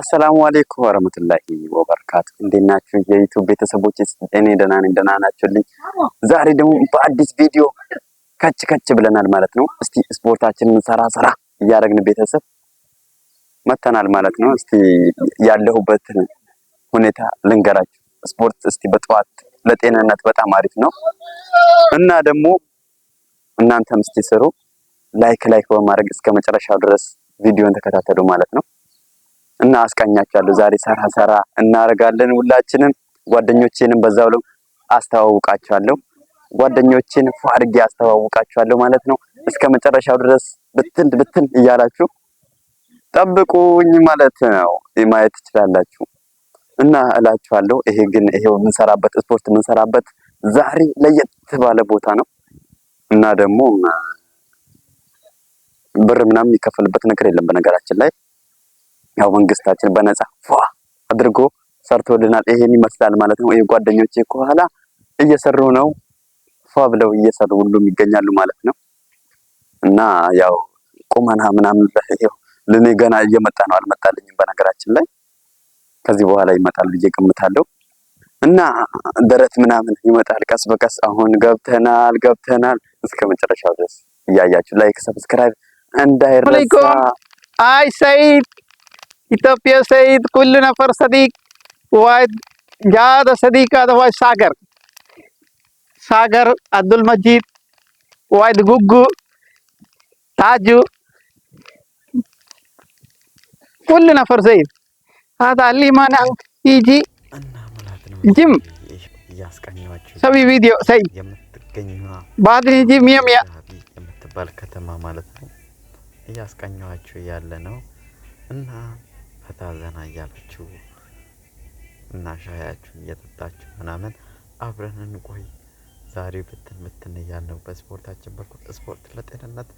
አሰላሙ አሌይኩም ወረመቱላሂ ወበረካቱ። እንዴት ናችሁ የዩቱብ ቤተሰቦች? እኔ ደህና ነኝ፣ ደህና ናችሁልኝ? ዛሬ ደግሞ በአዲስ ቪዲዮ ከች ከች ብለናል ማለት ነው። እስቲ ስፖርታችንን ሰራ ሰራ እያደረግን ቤተሰብ መተናል ማለት ነው። እስቲ ያለሁበትን ሁኔታ ልንገራችሁ። ስፖርት እስቲ በጠዋት ለጤንነት በጣም አሪፍ ነው እና ደግሞ እናንተም እስቲ ስሩ። ላይክ ላይክ በማድረግ እስከ መጨረሻው ድረስ ቪዲዮን ተከታተሉ ማለት ነው። እና አስቃኛችኋለሁ። ዛሬ ሰራ ሰራ እናደርጋለን ሁላችንም። ጓደኞቼንም በዛው ላይ አስተዋውቃቸዋለሁ። ጓደኞቼን ፋርጌ አስተዋውቃቸዋለሁ ማለት ነው። እስከ መጨረሻው ድረስ ብትን ብትን እያላችሁ ጠብቁኝ ማለት ነው። ማየት ትችላላችሁ እና እላችኋለሁ። ይሄ ግን ይሄው የምንሰራበት ስፖርት የምንሰራበት ዛሬ ለየት ባለ ቦታ ነው እና ደግሞ ብር ምናምን የሚከፈልበት ነገር የለም በነገራችን ላይ ያው መንግስታችን በነፃ ፏ አድርጎ ሰርቶልናል። ይሄን ይመስላል ማለት ነው። ይሄ ጓደኞቼ ከኋላ እየሰሩ ነው፣ ፏ ብለው እየሰሩ ሁሉም ይገኛሉ ማለት ነው። እና ያው ቁመና ምናምን ይሄው ለኔ ገና እየመጣ ነው፣ አልመጣልኝም በነገራችን ላይ ከዚህ በኋላ ይመጣል ብዬ ገምታለሁ። እና ደረት ምናምን ይመጣል ቀስ በቀስ አሁን ገብተናል ገብተናል እስከ መጨረሻው ድረስ እያያችሁ ላይክ ሰብስክራይብ እንዳይረሳ። አይ ሰይድ ኢትዮጵያ ሰይድ ኩሉ ነፈር ሰዲቅ ዋጃደ ሰዲቅ አደዋይ ሳገር ሳገር አብዱል መጂድ ዋይድ ጉጉ ታጁ ኩሉ ነፈር ሰይድ አታ አሊማን ኢጂ ጅም ሰቢ ቪዲዮ ሰይ ባድሪ ጂም የሚያ የምትባል ከተማ ማለት ነው። እያስቀኘኋችሁ ያለ ነው እና ፈታ ዘና እያላችሁ እና ሻያችሁ እየጠጣችሁ ምናምን አብረን እንቆይ። ዛሬ ብትን ብትን እያለው በስፖርታችን በኩል ስፖርት ለጤንነት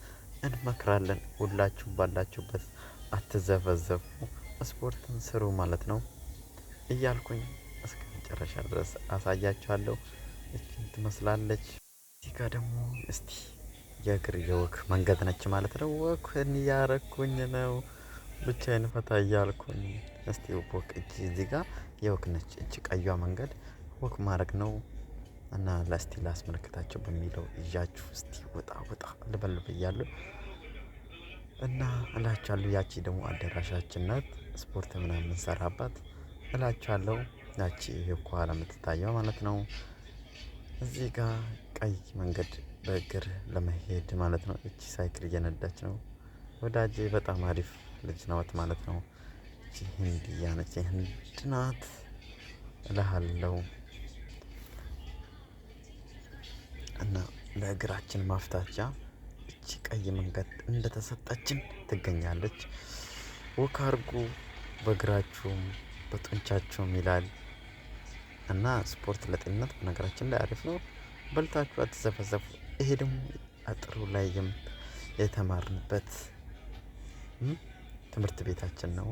እንመክራለን። ሁላችሁም ባላችሁበት አትዘፈዘፉ፣ ስፖርትን ስሩ ማለት ነው እያልኩኝ እስከ መጨረሻ ድረስ አሳያችኋለሁ። እችን ትመስላለች። እዚህ ጋር ደግሞ እስቲ የእግር የወክ መንገድ ነች ማለት ነው። ወክ እያረኩኝ ነው። ብቻዬን ፈታ እያልኩኝ እስቲ ወክ እጅ እዚህ ጋር የወክ ነች እጅ ቀዩዋ መንገድ ወክ ማድረግ ነው እና ለስቲ ላስመለከታቸው በሚለው እያችሁ እስቲ ወጣ ወጣ ልበልብ እያሉ እና እላችኋለሁ። ያቺ ደግሞ አዳራሻችን ናት፣ ስፖርት ምናምን የምንሰራባት እላችኋለሁ። ያቺ ከኋላ የምትታየው ማለት ነው። እዚህ ጋር ቀይ መንገድ በእግር ለመሄድ ማለት ነው። እቺ ሳይክል እየነዳች ነው ወዳጄ፣ በጣም አሪፍ ልጅ ናት ማለት ነው። ህንድያ ነች፣ ህንድ ናት እልሃለሁ። እና ለእግራችን ማፍታቻ እቺ ቀይ መንገድ እንደተሰጠችን ትገኛለች። ወክ አርጉ በእግራችሁም በጡንቻችሁም ይላል እና ስፖርት ለጤንነት በነገራችን ላይ አሪፍ ነው። በልታችሁ አትዘፈዘፉ። ይሄ ደግሞ አጥሩ ላይ የተማርንበት ትምህርት ቤታችን ነው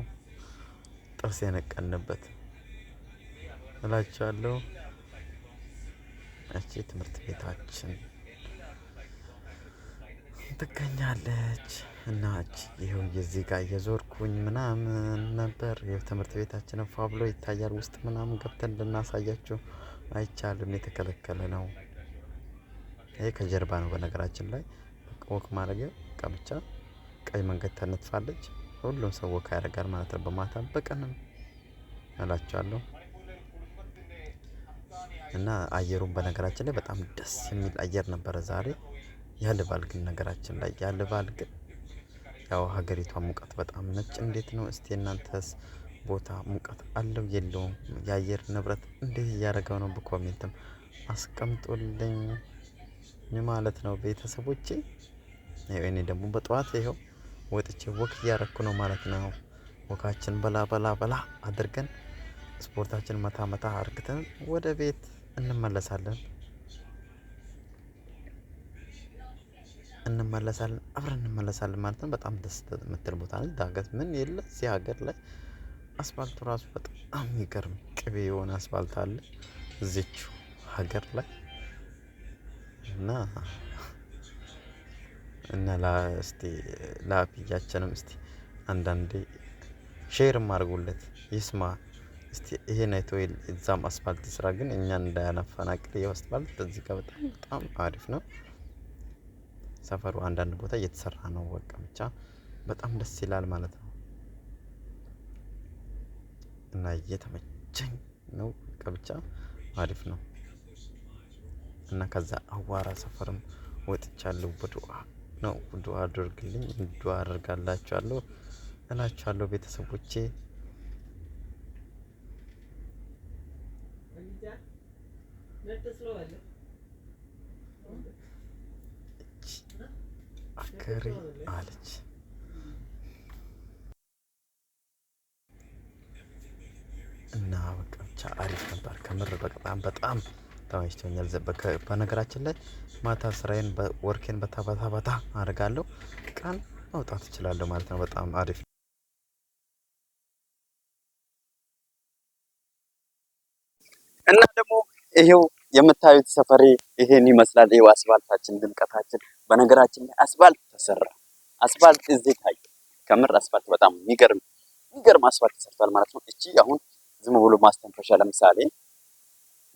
ጥርስ የነቀንበት እላችኋለሁ። እቺ ትምህርት ቤታችን ትገኛለች እና ይኸው የዚህ ጋር እየዞርኩኝ ምናምን ነበር። ትምህርት ቤታችንን ፏ ብሎ ይታያል። ውስጥ ምናምን ገብተን ልናሳያችሁ አይቻልም፣ የተከለከለ ነው። ይሄ ከጀርባ ነው። በነገራችን ላይ ወክ ማድረጊያ ቀብቻ ቀይ መንገድ ተነጥፋለች። ሁሉም ሰው ወካ ያደርጋል ማለት ነው። በማታ በቀንም እላቸዋለሁ እና አየሩን በነገራችን ላይ በጣም ደስ የሚል አየር ነበረ ዛሬ። ያልባል ግን ነገራችን ላይ ያልባል ግን ያው ሀገሪቷ ሙቀት በጣም ነጭ እንዴት ነው እስቲ እናንተስ ቦታ ሙቀት አለው የለውም? የአየር ንብረት እንዴት እያደረገው ነው? በኮሜንትም አስቀምጦልኝ ማለት ነው ቤተሰቦቼ። እኔ ደግሞ በጠዋት ይኸው ወጥቼ ወክ እያረኩ ነው ማለት ነው። ወካችን በላ በላ በላ አድርገን ስፖርታችን መታ መታ አርግተን ወደ ቤት እንመለሳለን እንመለሳለን አብረን እንመለሳለን ማለት ነው። በጣም ደስ የምትል ቦታ ነች። ዳገት ምን የለ እዚህ ሀገር ላይ አስፋልቱ ራሱ በጣም ይገርም ቅቤ የሆነ አስፋልት አለ እዚች ሀገር ላይ እና እና እስቲ ለአብያችንም እስቲ አንዳንዴ ሼርም አድርጉለት ይስማ። እስቲ ይሄን አይቶ እዛም አስፋልት ስራ ግን እኛን እንዳያናፈናቅል ይኸው አስፋልት እዚህ ጋር በጣም በጣም አሪፍ ነው። ሰፈሩ አንዳንድ ቦታ እየተሰራ ነው። በቃ ብቻ በጣም ደስ ይላል ማለት ነው እና እየተመቸኝ ነው። በቃ ብቻ አሪፍ ነው እና ከዛ አዋራ ሰፈርም ወጥቻለሁ በዱአ ነው። ዱአ አድርግልኝ፣ ዱአ አደርጋላችኋለሁ እላችኋለሁ ቤተሰቦቼ አከሬ አለች። እና በቃ ብቻ አሪፍ ነበር ከምር በጣም በጣም ተመችቶኛል። በነገራችን ላይ ማታ ስራዬን ወርኬን በታባታባታ አድርጋለሁ፣ ቀን መውጣት እችላለሁ ማለት ነው። በጣም አሪፍ ነው። እና ደግሞ ይሄው የምታዩት ሰፈሬ ይሄን ይመስላል። ይሄው አስፋልታችን ድምቀታችን። በነገራችን ላይ አስፋልት ተሰራ፣ አስፋልት እዚህ ታየ። ከምር አስፋልት በጣም የሚገርም የሚገርም አስፋልት ተሰርቷል ማለት ነው። እቺ አሁን ዝም ብሎ ማስተንፈሻ ለምሳሌ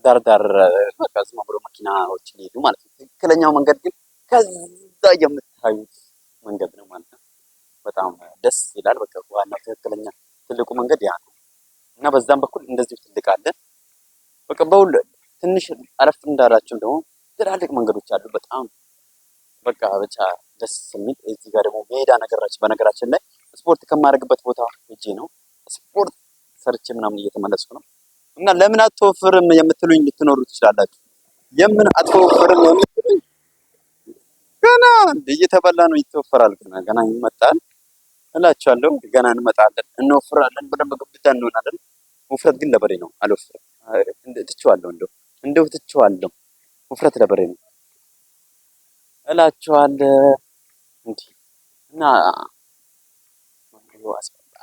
ዳርዳር በቃ ዝም ብሎ መኪናዎች ሊሄዱ ማለት ነው። ትክክለኛው መንገድ ግን ከዛ የምታዩት መንገድ ነው ማለት ነው። በጣም ደስ ይላል። በቃ ዋናው ትክክለኛ ትልቁ መንገድ ያ ነው እና በዛም በኩል እንደዚሁ ትልቅ አለ። በቃ በሁሉ ትንሽ አረፍ እንዳላችሁም ደግሞ ትላልቅ መንገዶች አሉ። በጣም በቃ ብቻ ደስ የሚል እዚህ ጋር ደግሞ ሜዳ ነገራችን በነገራችን ላይ ስፖርት ከማደርግበት ቦታ እጄ ነው ስፖርት ሰርቼ ምናምን እየተመለስኩ ነው። እና ለምን አትወፍርም የምትሉኝ ልትኖሩ ትችላላችሁ። የምን አትወፍርም የምትሉኝ ገና እየተበላ ነው ይተወፈራል። ገና ገና ይመጣል እላችኋለሁ። ገና እንመጣለን፣ እንወፍራለን፣ በደንብ ግብዳ እንሆናለን። ውፍረት ግን ለበሬ ነው። አልወፍርም፣ ትችዋለሁ፣ እንደው እንደው ትችዋለሁ። ውፍረት ለበሬ ነው እላችኋለሁ። እንዲህ እና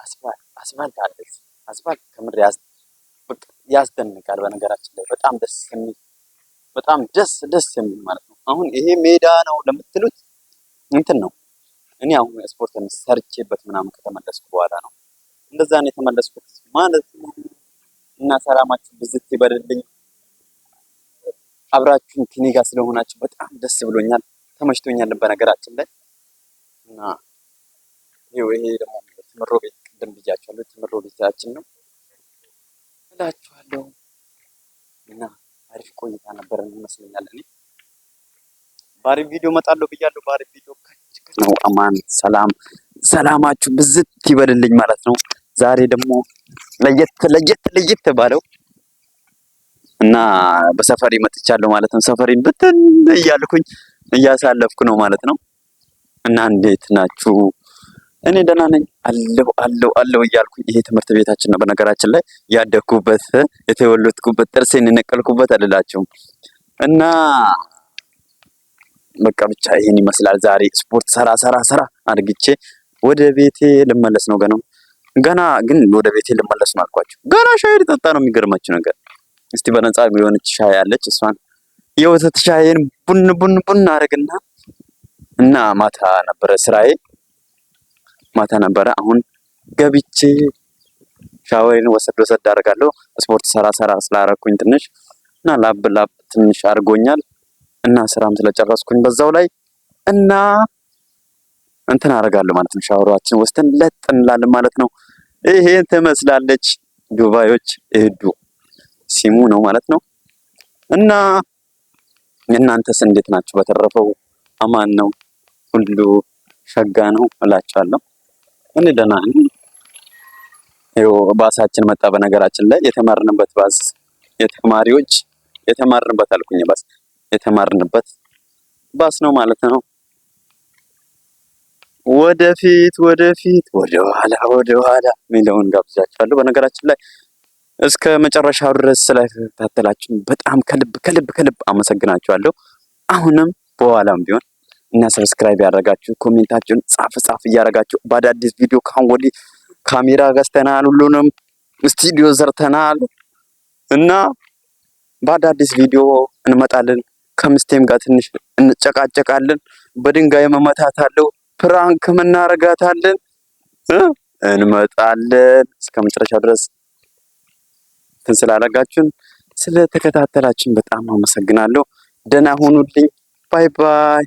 አስፋልት አስፋልት አስፋልት ከምር ያስ ያስደንቃል። በነገራችን ላይ በጣም ደስ የሚል በጣም ደስ ደስ የሚል ማለት ነው። አሁን ይሄ ሜዳ ነው ለምትሉት እንትን ነው። እኔ አሁን ስፖርትን ሰርቼበት ምናምን ከተመለስኩ በኋላ ነው እንደዛ ነው የተመለስኩት ማለት ነው። እና ሰላማችሁ ብዝት ይበልልኝ። አብራችሁን ከኔ ጋር ስለሆናችሁ በጣም ደስ ብሎኛል፣ ተመችቶኛል በነገራችን ላይ እና ይሄ ደግሞ ትምሮ ቤት ቅድም ብያችኋለሁ፣ ትምሮ ቤታችን ነው። እላችኋለሁ እና አሪፍ ቆይታ ነበር ይመስለኛል። እኔ በአሪፍ ቪዲዮ እመጣለሁ ብያለሁ። በአሪፍ ቪዲዮ ነው። አማን ሰላም፣ ሰላማችሁ ብዝት ይበልልኝ ማለት ነው። ዛሬ ደግሞ ለየት ለየት ለየት ባለው እና በሰፈሪ መጥቻለሁ ማለት ነው። ሰፈሪን ብትን እያልኩኝ እያሳለፍኩ ነው ማለት ነው እና እንዴት ናችሁ? እኔ ደህና ነኝ አለው አለው አለው እያልኩ ይሄ ትምህርት ቤታችን ነው። በነገራችን ላይ ያደግኩበት የተወለድኩበት ጥርሴን የነቀልኩበት አልላችሁም እና በቃ ብቻ ይሄን ይመስላል። ዛሬ ስፖርት ሰራ ሰራ ሰራ አድግቼ ወደ ቤቴ ልመለስ ነው። ገና ገና ግን ወደ ቤቴ ልመለስ ነው አልኳችሁ። ገና ሻይ ልጠጣ ነው። የሚገርማችሁ ነገር እስቲ በነጻ የሆነች ሻይ አለች። እሷን የወተት ሻይን ቡን ቡን ቡን አደርግና እና ማታ ነበረ ስራዬ ማታ ነበረ። አሁን ገብቼ ሻወሬን ወሰድ ወሰድ አደርጋለሁ። ስፖርት ሰራ ሰራ ስላረኩኝ ትንሽ እና ላብ ላብ ትንሽ አድርጎኛል እና ስራም ስለጨረስኩኝ በዛው ላይ እና እንትን አደርጋለሁ ማለት ነው። ሻወራችን ወስተን ለጥ እንላለን ማለት ነው። ይሄ ትመስላለች ዱባዮች እዱ ሲሙ ነው ማለት ነው። እና እናንተስ እንዴት ናችሁ? በተረፈው አማን ነው፣ ሁሉ ሸጋ ነው እላችኋለሁ። እኔ ደህና ነኝ። ባሳችን መጣ። በነገራችን ላይ የተማርንበት ባስ የተማሪዎች የተማርንበት አልኩኝ ባስ የተማርንበት ባስ ነው ማለት ነው። ወደፊት ወደፊት ወደኋላ ወደኋላ ሚለውን ጋብዣችኋለሁ። በነገራችን ላይ እስከ መጨረሻው ድረስ ስለተከታተላችሁ በጣም ከልብ ከልብ ከልብ አመሰግናችኋለሁ። አሁንም በኋላም ቢሆን እና ሰብስክራይብ ያደረጋችሁ ኮሜንታችሁን ጻፍ ጻፍ እያደረጋችሁ በአዳዲስ ቪዲዮ ካሁን ወዲህ ካሜራ ገዝተናል፣ ሁሉንም ስቱዲዮ ዘርተናል እና በአዳዲስ ቪዲዮ እንመጣለን። ከምስቴም ጋር ትንሽ እንጨቃጨቃለን። በድንጋይ መመታታለሁ፣ ፕራንክ እናደርጋታለን። እንመጣለን። እስከ መጨረሻ ድረስ እንትን ስላደረጋችሁን ስለተከታተላችን በጣም አመሰግናለሁ። ደህና ሁኑልኝ። ባይ ባይ።